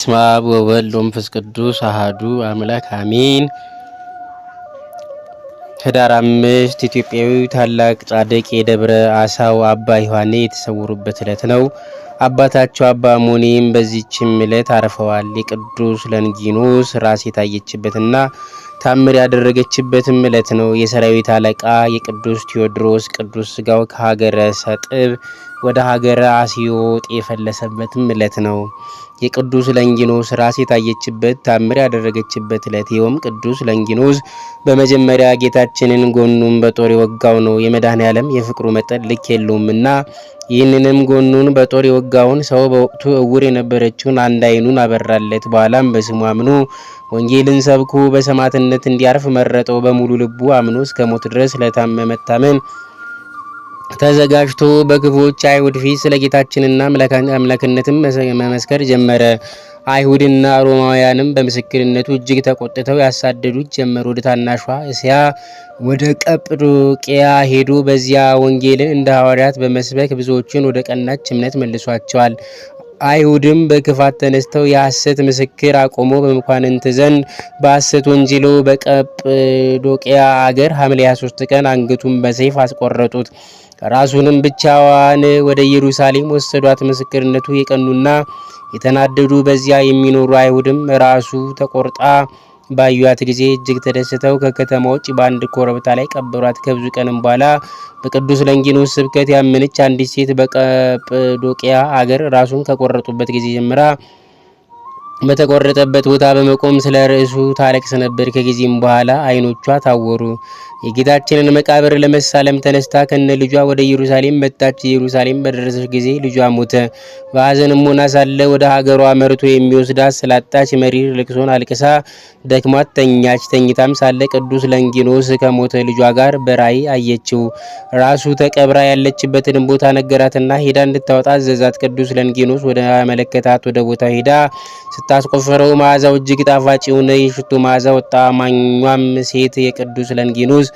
በስመ አብ ወወልድ ወመንፈስ ቅዱስ አሐዱ አምላክ አሜን። ህዳር አምስት ኢትዮጵያዊ ታላቅ ጻድቅ የደብረ አሳው አባ ዮሐኔ የተሰወሩበት ዕለት ነው። አባታቸው አባ ሙኒም በዚችም ዕለት አርፈዋል። የቅዱስ ለንጊኖስ ራስ የታየችበትና ታምር ያደረገችበትም ዕለት ነው። የሰራዊት አለቃ የቅዱስ ቴዎድሮስ ቅዱስ ስጋው ከሀገረ ሰጥብ ወደ ሀገረ አስዮጥ የፈለሰበትም እለት ነው። የቅዱስ ለንጊኖስ ራስ የታየችበት ታምር ያደረገችበት ዕለት። ይኸውም ቅዱስ ለንጊኖስ በመጀመሪያ ጌታችንን ጎኑን በጦር የወጋው ነው። የመድኃኔ ዓለም የፍቅሩ መጠን ልክ የለውም እና ይህንንም ጎኑን በጦር የወጋውን ሰው በወቅቱ እውር የነበረችውን አንድ አይኑን አበራለት። በኋላም በስሙ አምኖ ወንጌልን ሰብኮ በሰማዕትነት እንዲያርፍ መረጠው። በሙሉ ልቡ አምኖ እስከ ሞት ድረስ ለታመመ መታመን ተዘጋጅቶ በክፉዎች አይሁድ ፊት ስለ ጌታችንና አምላክነትም መመስከር ጀመረ። አይሁድና ሮማውያንም በምስክርነቱ እጅግ ተቆጥተው ያሳደዱት ጀመሩ። ወደ ታናሿ እስያ ወደ ቀጵዶቅያ ሄዱ። በዚያ ወንጌልን እንደ ሐዋርያት በመስበክ ብዙዎችን ወደ ቀናች እምነት መልሷቸዋል። አይሁድም በክፋት ተነስተው የሐሰት ምስክር አቆሞ በመኳንንት ዘንድ በሐሰት ወንጅሎ በቀጵዶቅያ አገር ሐምሌ 23 ቀን አንገቱን በሰይፍ አስቆረጡት። ራሱንም ብቻዋን ወደ ኢየሩሳሌም ወሰዷት። ምስክርነቱ የቀኑና የተናደዱ በዚያ የሚኖሩ አይሁድም ራሱ ተቆርጣ ባዩዋት ጊዜ እጅግ ተደስተው ከከተማ ውጭ በአንድ ኮረብታ ላይ ቀበሯት። ከብዙ ቀንም በኋላ በቅዱስ ለንጊኖስ ስብከት ያመነች አንዲት ሴት በቀጵዶቅያ አገር ራሱን ከቆረጡበት ጊዜ ጀምራ በተቆረጠበት ቦታ በመቆም ስለ ርዕሱ ታለቅስ ነበር። ከጊዜም በኋላ አይኖቿ ታወሩ። የጌታችንን መቃብር ለመሳለም ተነስታ ከነ ልጇ ወደ ኢየሩሳሌም መጣች። ኢየሩሳሌም በደረሰች ጊዜ ልጇ ሞተ። በሐዘንም ሆና ሳለ ወደ ሀገሯ መርቶ የሚወስዳት ስላጣች መሪር ልቅሶን አልቅሳ ደክሟት ተኛች። ተኝታም ሳለ ቅዱስ ለንጊኖስ ከሞተ ልጇ ጋር በራእይ አየችው። ራሱ ተቀብራ ያለችበትንም ቦታ ነገራትና ሄዳ እንድታወጣ አዘዛት። ቅዱስ ለንጊኖስ ወደ መለከታት ወደ ቦታ ሄዳ ስታስቆፈረው መዓዛው እጅግ ጣፋጭ የሆነ የሽቱ መዓዛ ወጣ። አማኟም ሴት የቅዱስ ለንጊኖስ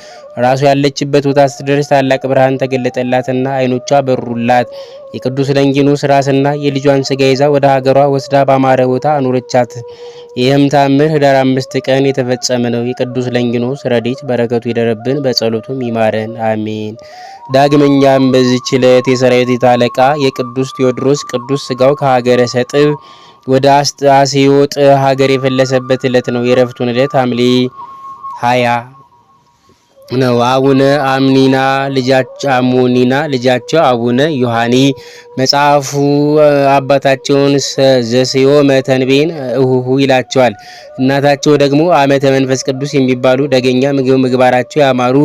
ራሱ ያለችበት ቦታ ስትደርስ ታላቅ ብርሃን ተገለጠላትና አይኖቿ በሩላት። የቅዱስ ለንጊኖስ ራስና የልጇን ስጋ ይዛ ወደ ሀገሯ ወስዳ በአማረ ቦታ አኖረቻት። ይህም ታምር ህዳር አምስት ቀን የተፈጸመ ነው። የቅዱስ ለንጊኖስ ረዴት በረከቱ ይደረብን፣ በጸሎቱም ይማረን አሜን። ዳግመኛም በዚች ዕለት የሰራዊት አለቃ የቅዱስ ቴዎድሮስ ቅዱስ ስጋው ከሀገረ ሰጥብ ወደ አስጣሴዎጥ ሀገር የፈለሰበት ዕለት ነው። የረፍቱን ዕለት ሐምሌ ሀያ ነው። አቡነ አምኒና አሙኒና ልጃቸው አቡነ ዮሐኒ መጽሐፉ አባታቸውን ዘሴዮ መተንቤን እሁሁ ይላቸዋል። እናታቸው ደግሞ አመተ መንፈስ ቅዱስ የሚባሉ ደገኛ ምግባራቸው ያማሩ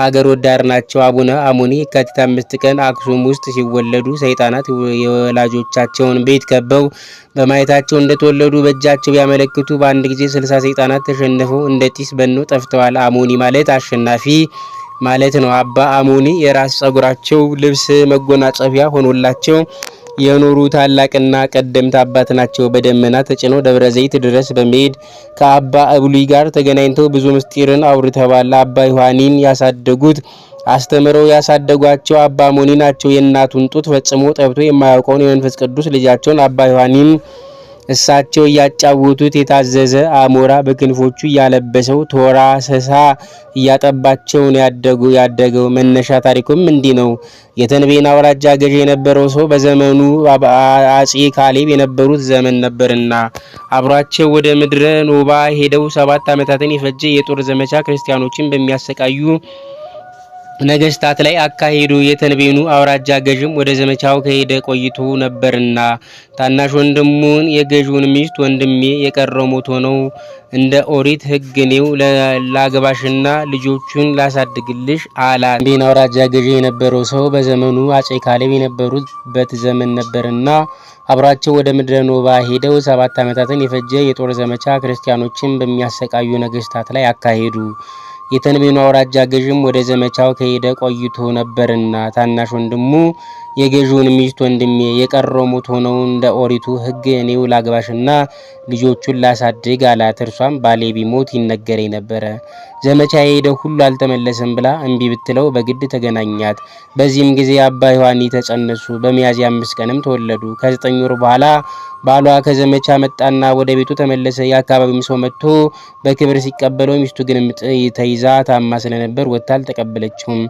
ሀገር ወዳድ ናቸው። አቡነ አሙኒ የካቲት አምስት ቀን አክሱም ውስጥ ሲወለዱ ሰይጣናት የወላጆቻቸውን ቤት ከበው በማየታቸው እንደተወለዱ በእጃቸው ቢያመለክቱ በአንድ ጊዜ ስልሳ ሰይጣናት ተሸንፈው እንደ ጢስ በኖ ጠፍተዋል። አሙኒ ማለት አሸናፊ ኃላፊ ማለት ነው አባ አሞኒ የራስ ጸጉራቸው ልብስ መጎናጸፊያ ሆኖላቸው የኖሩ ታላቅና ቀደምት አባት ናቸው። በደመና ተጭነው ደብረ ዘይት ድረስ በመሄድ ከአባ እብሉይ ጋር ተገናኝተው ብዙ ምስጢርን አውርተዋል። አባ ዮሐኒን ያሳደጉት አስተምረው ያሳደጓቸው አባ አሞኒ ናቸው። የእናቱን ጡት ፈጽሞ ጠብቶ የማያውቀውን የመንፈስ ቅዱስ ልጃቸውን አባ ዮሐኒን እሳቸው እያጫወቱት የታዘዘ አሞራ በክንፎቹ እያለበሰው ቶራ ሰሳ እያጠባቸውን ያደገው መነሻ ታሪኩም እንዲህ ነው። የተንቤን አውራጃ ገዥ የነበረው ሰው በዘመኑ አጼ ካሌብ የነበሩት ዘመን ነበርና አብሯቸው ወደ ምድረ ኖባ ሄደው ሰባት ዓመታትን የፈጀ የጦር ዘመቻ ክርስቲያኖችን በሚያሰቃዩ ነገስታት ላይ አካሄዱ። የተንቤኑ አውራጃ ገዥም ወደ ዘመቻው ከሄደ ቆይቶ ነበርና ታናሽ ወንድሙን የገዥውን ሚስት ወንድሜ የቀረው ሞቶ ነው፣ እንደ ኦሪት ሕግ እኔው ላገባሽና ልጆቹን ላሳድግልሽ አላት። ቤን አውራጃ ገዢ የነበረው ሰው በዘመኑ አጼ ካሌብ የነበሩበት ዘመን ነበርና አብሯቸው ወደ ምድረ ኖባ ሄደው ሰባት ዓመታትን የፈጀ የጦር ዘመቻ ክርስቲያኖችን በሚያሰቃዩ ነገስታት ላይ አካሄዱ። የተንቤኑ አውራጃ ገዥም ወደ ዘመቻው ከሄደ ቆይቶ ነበርና ታናሽ ወንድሙ የገዢውን ሚስት ወንድሜ የቀረው ሙት ሆነው እንደ ኦሪቱ ሕግ እኔው ላግባሽና ልጆቹን ላሳድግ አላት። እርሷም ባሌ ቢሞት ይነገረኝ ነበረ፣ ዘመቻ የሄደ ሁሉ አልተመለሰም ብላ እምቢ ብትለው በግድ ተገናኛት። በዚህም ጊዜ አባ ዮሐኒ ተጸነሱ። በሚያዝያ አምስት ቀንም ተወለዱ። ከዘጠኝ ወር በኋላ ባሏ ከዘመቻ መጣና ወደ ቤቱ ተመለሰ። የአካባቢውም ሰው መጥቶ በክብር ሲቀበለው፣ ሚስቱ ግን ምጥ ተይዛ ታማ ስለነበር ወጥታ አልተቀበለችውም።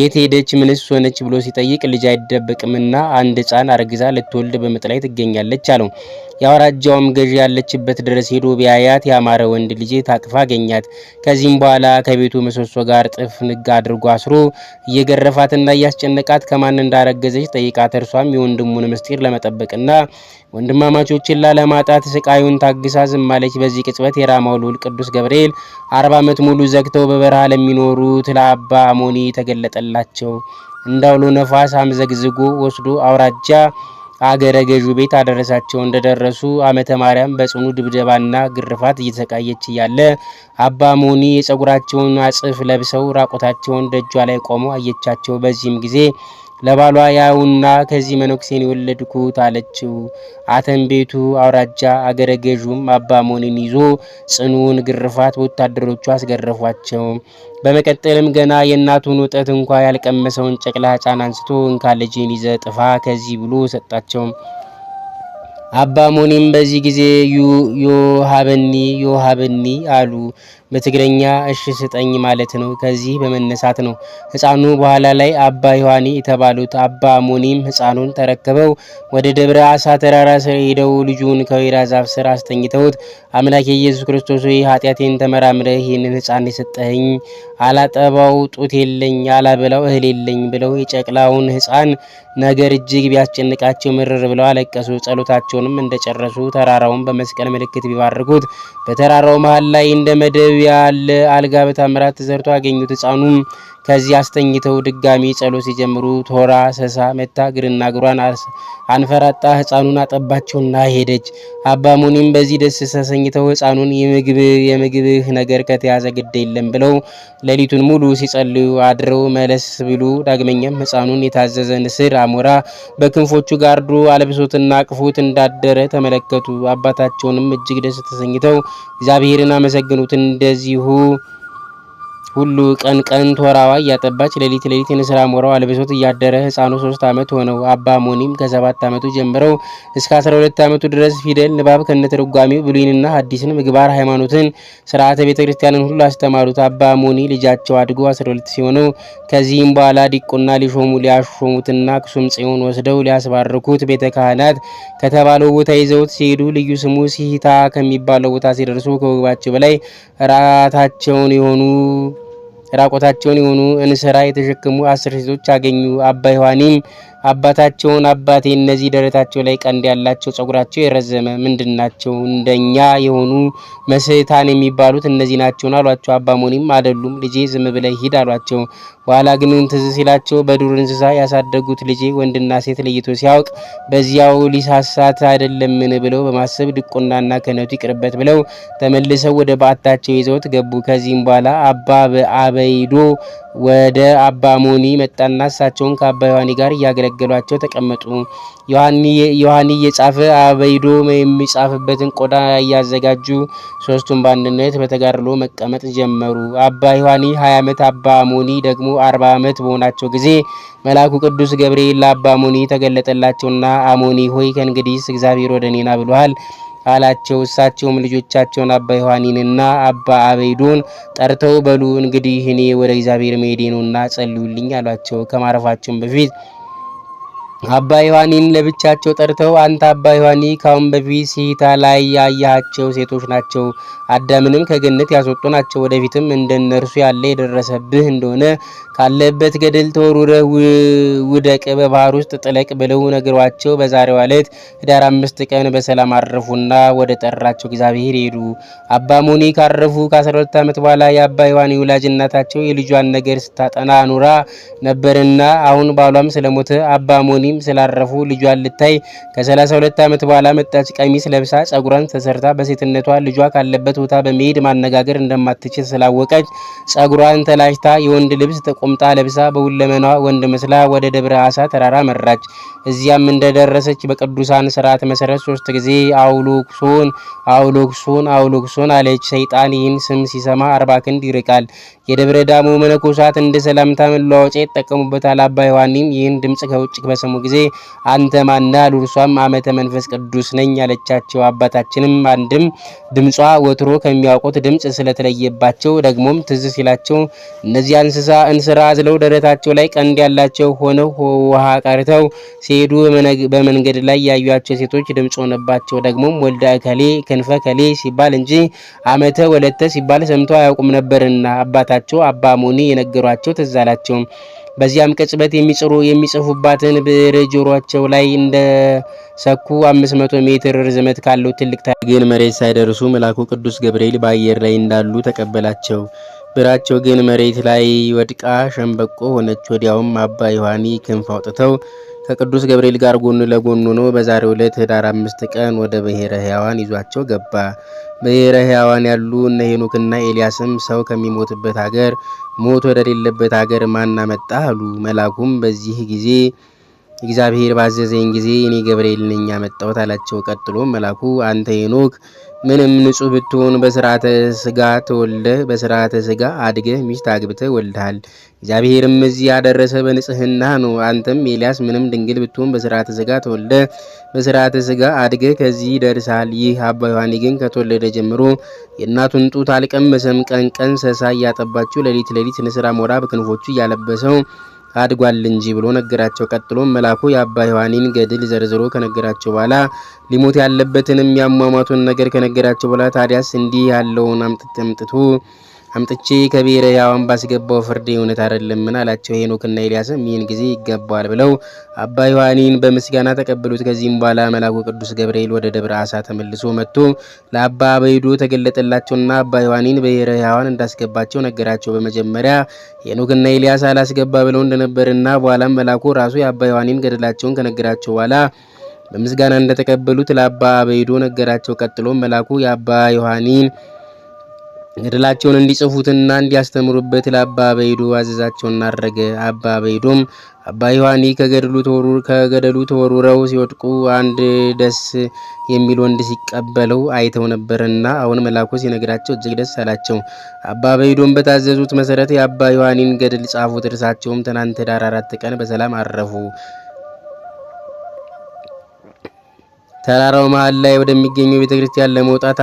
የት ሄደች? ምንስ ሆነች? ብሎ ሲጠይቅ ልጅ አይደ አይጠበቅምና አንድ ህፃን አርግዛ ልትወልድ በምጥ ላይ ትገኛለች አለው። የአውራጃውም ገዢ ያለችበት ድረስ ሄዶ ቢያያት ያማረ ወንድ ልጄ ታቅፋ አገኛት። ከዚህም በኋላ ከቤቱ ምሰሶ ጋር ጥፍ ንግ አድርጎ አስሮ እየገረፋትና እያስጨነቃት ከማን እንዳረገዘች ጠይቃት። እርሷም የወንድሙን ምስጢር ለመጠበቅና ወንድማማቾችን ላለማጣት ስቃዩን ታግሳ ዝም አለች። በዚህ ቅጽበት የራማው ልዑል ቅዱስ ገብርኤል አርባ ዓመት ሙሉ ዘግተው በበረሃ ለሚኖሩት ለአባ አሞኒ ተገለጠላቸው። እንዳውሎ ነፋስ አምዘግዝጎ ወስዶ አውራጃ አገረ ገዡ ቤት አደረሳቸው። እንደደረሱ አመተ ማርያም በጽኑ ድብደባና ግርፋት እየተሰቃየች እያለ አባ ሞኒ የጸጉራቸውን አጽፍ ለብሰው ራቆታቸውን ደጇ ላይ ቆመው አየቻቸው። በዚህም ጊዜ ለባሏ ያውና ከዚህ መነኩሴን የወለድኩት አለችው። ቤቱ አውራጃ አገረ ገዡም አባሞንን ይዞ ጽኑውን ግርፋት ወታደሮቹ አስገረፏቸው። በመቀጠልም ገና የእናቱን ወጠት እንኳ ያልቀመሰውን ጨቅላ ህፃን አንስቶ እንካ ልጄን ይዘ ጥፋ ከዚህ ብሎ ሰጣቸው። አባ ሞኒም በዚህ ጊዜ ዮሀበኒ ዮሃበኒ አሉ። በትግረኛ እሺ ስጠኝ ማለት ነው። ከዚህ በመነሳት ነው ህፃኑ በኋላ ላይ አባ ዮሐኒ የተባሉት አባ ሙኒም ህፃኑን ተረክበው ወደ ደብረ አሳ ተራራ ስር ሄደው ልጁን ከወይራ ዛፍ ስር አስተኝተውት አምላክ የኢየሱስ ክርስቶስ ሆይ ኃጢአቴን ተመራምረህ ይህንን ህፃን የሰጠኸኝ አላጠባው ጡት የለኝ አላበላው እህል የለኝ ብለው የጨቅላውን ህፃን ነገር እጅግ ቢያስጨንቃቸው ምርር ብለው አለቀሱ። ጸሎታቸውንም እንደጨረሱ ተራራውን በመስቀል ምልክት ቢባርኩት በተራራው መሀል ላይ እንደ መደብ ያለ አልጋ በታምራት ተዘርቶ አገኙት። ህፃኑም ከዚህ አስተኝተው ድጋሚ ጸሎት ሲጀምሩ ቶራ ሰሳ መታ እግርና እግሯን አንፈራጣ ህፃኑን አጠባቸውና ሄደች። አባሙኒም በዚህ ደስ ተሰኝተው የምግብ የምግብህ ነገር ከተያዘ ግድ የለም ብለው ሌሊቱን ሙሉ ሲጸልዩ አድረው መለስ ብሉ። ዳግመኛም ሕፃኑን የታዘዘ ንስር አሞራ በክንፎቹ ጋርዶ አለብሶትና አቅፎት እንዳደረ ተመለከቱ። አባታቸውንም እጅግ ደስ ተሰኝተው እግዚአብሔርን አመሰግኑት እንደ does you who ሁሉ ቀን ቀን ቶራዋ እያጠባች ሌሊት ሌሊት እንስራ ሞራው አልብሶት እያደረ ህፃኑ ሶስት ዓመት ሆነው አባ ሞኒም ከሰባት ዓመቱ ጀምረው እስከ 12 ዓመቱ ድረስ ፊደል፣ ንባብ ከነተርጓሚው ብሉይንና ሐዲስን፣ ምግባር፣ ሃይማኖትን፣ ስርዓተ ቤተ ክርስቲያንን ሁሉ አስተማሩት። አባ ሞኒ ልጃቸው አድጎ 12 ሲሆነው ከዚህም በኋላ ዲቁና ሊሾሙ ሊያሾሙትና አክሱም ጽዮን ወስደው ሊያስባርኩት ቤተ ካህናት ከተባለው ቦታ ይዘውት ሲሄዱ ልዩ ስሙ ሲሂታ ከሚባለው ቦታ ሲደርሱ ከወግባቸው በላይ ራታቸውን የሆኑ ራቆታቸውን የሆኑ እንስራ የተሸከሙ አስር ሴቶች አገኙ። አባ ዮሐኒም አባታቸውን አባቴ እነዚህ ደረታቸው ላይ ቀንድ ያላቸው ጸጉራቸው የረዘመ ምንድን ናቸው? እንደኛ የሆኑ መስህታን የሚባሉት እነዚህ ናቸውን አሏቸው። አባ ሞኒም አይደሉም ልጄ፣ ዝም ብለህ ሂድ አሏቸው። ኋላ ግን ትዝ ሲላቸው በዱር እንስሳ ያሳደጉት ልጄ ወንድና ሴት ለይቶ ሲያውቅ በዚያው ሊሳሳት አይደለምን ብለው በማሰብ ድቁናና ክህነቱ ይቅርበት ብለው ተመልሰው ወደ በዓታቸው ይዘውት ገቡ። ከዚህም በኋላ አባ በአበይዶ ወደ አባ ሞኒ መጣና እሳቸውን ከአባ ዮሐኒ ጋር እያገለገለ እየገላገሏቸው ተቀመጡ። ዮሐንዬ እየጻፈ አበይዶ የሚጻፍበትን ቆዳ እያዘጋጁ ሶስቱን በአንድነት በተጋድሎ መቀመጥ ጀመሩ። አባ ዮሐኒ 20 ዓመት፣ አባ አሞኒ ደግሞ 40 ዓመት በሆናቸው ጊዜ መልአኩ ቅዱስ ገብርኤል ለአባ አሞኒ ተገለጠላቸውና አሞኒ ሆይ ከእንግዲህስ እግዚአብሔር ወደ እኔና ብሏል አላቸው። እሳቸውም ልጆቻቸውን አባ ዮሐኒንና አባ አበይዶን ጠርተው በሉ እንግዲህ እኔ ወደ እግዚአብሔር መሄዴ ነውና ጸልዩልኝ አሏቸው። ከማረፋቸውም በፊት አባ ዮሐኒን ለብቻቸው ጠርተው አንተ አባ ዮሐኒ ካሁን በፊት ሲታ ላይ ያያቸው ሴቶች ናቸው፣ አዳምንም ከገነት ያስወጡ ናቸው። ወደፊትም እንደነርሱ ያለ የደረሰብህ እንደሆነ ካለበት ገደል ተወርውረህ ውደቅ፣ በባህር ውስጥ ጥለቅ ብለው ነገሯቸው። በዛሬው ዕለት ህዳር አምስት ቀን በሰላም አረፉና ወደ ጠራቸው እግዚአብሔር ሄዱ። አባ ሞኒ ካረፉ ከ12 ዓመት በኋላ የአባ ዮሐኒ ወላጅ እናታቸው የልጇን ነገር ስታጠና አኑራ ነበርና አሁን ባሏም ስለሞተ አባ ሞኒ በህመም ስላረፉ ልጇን ልታይ ከ32 ዓመት በኋላ መጣች። ቀሚስ ለብሳ ጸጉሯን ተሰርታ በሴትነቷ ልጇ ካለበት ቦታ በመሄድ ማነጋገር እንደማትችል ስላወቀች ጸጉሯን ተላጭታ የወንድ ልብስ ተቆምጣ ለብሳ በሁለመናዋ ወንድ መስላ ወደ ደብረ አሳ ተራራ መራች። እዚያም እንደደረሰች በቅዱሳን ስርዓት መሰረት ሶስት ጊዜ አውሎክሶን አውሎክሶን አውሎክሶን አለች። ሰይጣን ይህን ስም ሲሰማ አርባ ክንድ ይርቃል። የደብረ ዳሞ መነኮሳት እንደ ሰላምታ መለዋወጫ ይጠቀሙበታል። አባ ዮሐኒም ይህን ድምጽ ከውጭ በሰሙ ጊዜ አንተ ማና አሉ። እርሷም አመተ መንፈስ ቅዱስ ነኝ ያለቻቸው። አባታችንም አንድም ድምጿ ወትሮ ከሚያውቁት ድምጽ ስለተለየባቸው ደግሞም ትዝ ሲላቸው እነዚያ እንስሳ እንስራ አዝለው ደረታቸው ላይ ቀንድ ያላቸው ሆነው ውሃ ቀርተው ሲሄዱ በመንገድ ላይ ያዩቸው ሴቶች ድምጽ ሆነባቸው። ደግሞም ወልደ እከሌ ክንፈ ከሌ ሲባል እንጂ አመተ ወለተ ሲባል ሰምተው አያውቁም ነበርና አባታቸው አባ ሞኒ የነገሯቸው ትዝ አላቸው። በዚያም ቅጽበት የሚጽሩ የሚጽፉባትን ብዕር ላይ እንደ ሰኩ 500 ሜትር ርዝመት ካለው ትልቅ ግን መሬት ሳይደርሱ መልአኩ ቅዱስ ገብርኤል በአየር ላይ እንዳሉ ተቀበላቸው። ብራቸው ግን መሬት ላይ ወድቃ ሸምበቆ ሆነች። ወዲያውም አባ ዮሐኒ ክንፍ አውጥተው ከቅዱስ ገብርኤል ጋር ጎን ለጎን ሆኖ በዛሬው ዕለት ህዳር አምስት ቀን ወደ ብሔረ ሕያዋን ይዟቸው ገባ። ብሔረ ሕያዋን ያሉ እነ ሄኖክና ኤልያስም ሰው ከሚሞትበት አገር ሞት ወደሌለበት አገር ማን አመጣ አሉ። መልአኩም በዚህ ጊዜ እግዚአብሔር ባዘዘኝ ጊዜ እኔ ገብርኤል ነኝ ያመጣሁት አላቸው። ቀጥሎ መላኩ አንተ ሄኖክ ምንም ንጹህ ብትሆን በስርዓተ ስጋ ተወልደህ በስርዓተ ስጋ አድገህ ሚስት አግብተህ ወልደሃል። እግዚአብሔርም እዚህ ያደረሰ በንጽህና ነው። አንተም ኤልያስ ምንም ድንግል ብትሆን በስርዓተ ስጋ ተወልደህ በስርዓተ ስጋ አድገህ ከዚህ ደርሳል። ይህ አባ ዮሐኒ ግን ከተወለደ ጀምሮ የእናቱን ጡት አልቀመሰም። ቀን ቀን ሰሳ እያጠባችው፣ ሌሊት ሌሊት ንስራ ሞራ በክንፎቹ እያለበሰው አድጓል እንጂ ብሎ ነገራቸው። ቀጥሎም መልአኩ የአባ ዮሐኒን ገድል ዘርዝሮ ከነገራቸው በኋላ ሊሞት ያለበትንም ያሟሟቱን ነገር ከነገራቸው በኋላ ታዲያስ እንዲህ ያለውን አምጥቶ አምጥቼ ከብሔረ ሕያዋን ባስገባው ፍርድ እውነት አይደለምን አላቸው። ሄኖክና ኤልያስም ይህን ጊዜ ይገባዋል ብለው አባ ዮሐኒን በምስጋና ተቀበሉት። ከዚህም በኋላ መልአኩ ቅዱስ ገብርኤል ወደ ደብረ አሳ ተመልሶ መጥቶ ለአባ በይዱ ተገለጠላቸውና አባ ዮሐኒን ብሔረ ሕያዋን እንዳስገባቸው ነገራቸው። በመጀመሪያ ሄኖክና ኤልያስ አላስገባ ብለው እንደነበርና በኋላም መልአኩ ራሱ የአባ ዮሐኒን ገደላቸውን ከነገራቸው በኋላ በምስጋና እንደተቀበሉት ለአባ በይዶ ነገራቸው። ቀጥሎ መልአኩ የአባ ዮሐኒን ገድላቸውን እንዲጽፉትና እንዲያስተምሩበት ለአባ በይዱ አዘዛቸውን አረገ። አባ በይዱም አባ ዮሐኒ ከገደሉ ተወሩረው ሲወድቁ አንድ ደስ የሚል ወንድ ሲቀበለው አይተው ነበርና አሁን መላኩ ሲነግራቸው እጅግ ደስ አላቸው። አባ በይዶም በታዘዙት መሰረት የአባ ዮሐኒን ገድል ጻፉት። እርሳቸውም ትናንት ኅዳር አራት ቀን በሰላም አረፉ። ተራራው መሃል ላይ ወደሚገኘው ቤተ ክርስቲያን ለመውጣት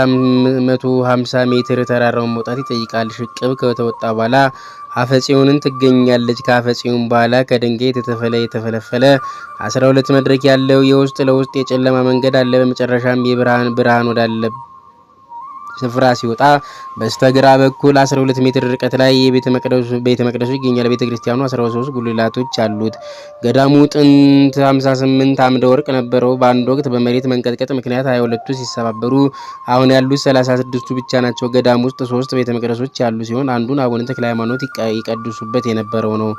150 ሜትር ተራራውን መውጣት ይጠይቃል። ሽቅብ ከተወጣ በኋላ አፈጺውንን ትገኛለች። ከአፈጺውን በኋላ ከድንጋይ የተተፈለ የተፈለፈለ 12 መድረክ ያለው የውስጥ ለውስጥ የጨለማ መንገድ አለ። በመጨረሻም የብርሃን ብርሃን ወዳለበት ስፍራ ሲወጣ በስተግራ በኩል 12 ሜትር ርቀት ላይ የቤተ መቅደሱ ቤተ መቅደሱ ይገኛል። ቤተ ክርስቲያኑ 13 ጉልላቶች አሉት። ገዳሙ ጥንት 58 አምደ ወርቅ ነበረው። በአንድ ወቅት በመሬት መንቀጥቀጥ ምክንያት 22ቱ ሲሰባበሩ አሁን ያሉት 36ቱ ብቻ ናቸው። ገዳሙ ውስጥ ሶስት ቤተ መቅደሶች ያሉ ሲሆን አንዱን አቡነ ተክለ ሃይማኖት ይቀድሱበት የነበረው ነው።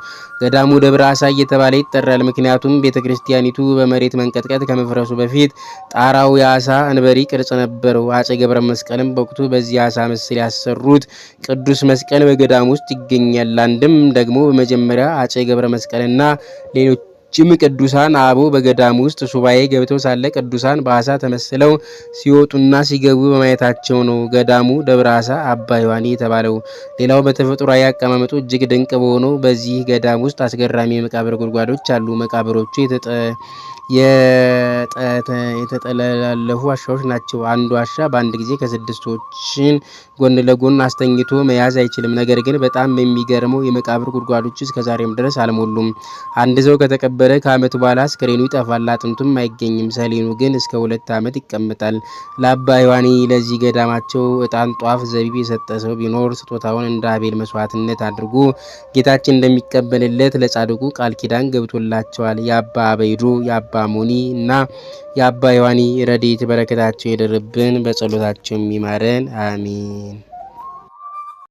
ገዳሙ ደብረ አሳይ እየተባለ ይጠራል። ምክንያቱም ቤተ ክርስቲያኒቱ በመሬት መንቀጥቀጥ ከመፍረሱ በፊት ጣራው የአሳ እንበሪ ቅርጽ ነበረው። አፄ ገብረ መስቀልም በወቅቱ በዚህ አሳ ምስል ያሰሩት ቅዱስ መስቀል በገዳም ውስጥ ይገኛል። አንድም ደግሞ በመጀመሪያ አጼ ገብረ መስቀልና ሌሎች ጅም ቅዱሳን አቦ በገዳም ውስጥ ሱባኤ ገብተው ሳለ ቅዱሳን በአሳ ተመስለው ሲወጡና ሲገቡ በማየታቸው ነው ገዳሙ ደብረ አሳ አባ ዮሐኒ የተባለው። ሌላው በተፈጥሯዊ አቀማመጡ እጅግ ድንቅ በሆነው በዚህ ገዳም ውስጥ አስገራሚ የመቃብር ጉድጓዶች አሉ። መቃብሮቹ የተጠላለፉ ዋሻዎች ናቸው። አንድ ዋሻ በአንድ ጊዜ ከስድስቶችን ጎን ለጎን አስተኝቶ መያዝ አይችልም። ነገር ግን በጣም የሚገርመው የመቃብር ጉድጓዶች እስከዛሬም ድረስ አልሞሉም። አንድ ሰው ከተቀበረ ከአመት በኋላ አስክሬኑ ይጠፋል፣ አጥንቱም አይገኝም። ሰሌኑ ግን እስከ ሁለት ዓመት ይቀመጣል። ለአባ ዮሐኒ ለዚህ ገዳማቸው እጣን ጧፍ፣ ዘቢብ የሰጠ ሰው ቢኖር ስጦታውን እንደ አቤል መስዋዕትነት አድርጎ ጌታችን እንደሚቀበልለት ለጻድቁ ቃል ኪዳን ገብቶላቸዋል። የአባ አበይዱ የአባ የአባ ሙኒ እና የአባ ዮሐኒ ረድኤት በረከታቸው ይደርብን፣ በጸሎታቸው የሚማረን አሚን።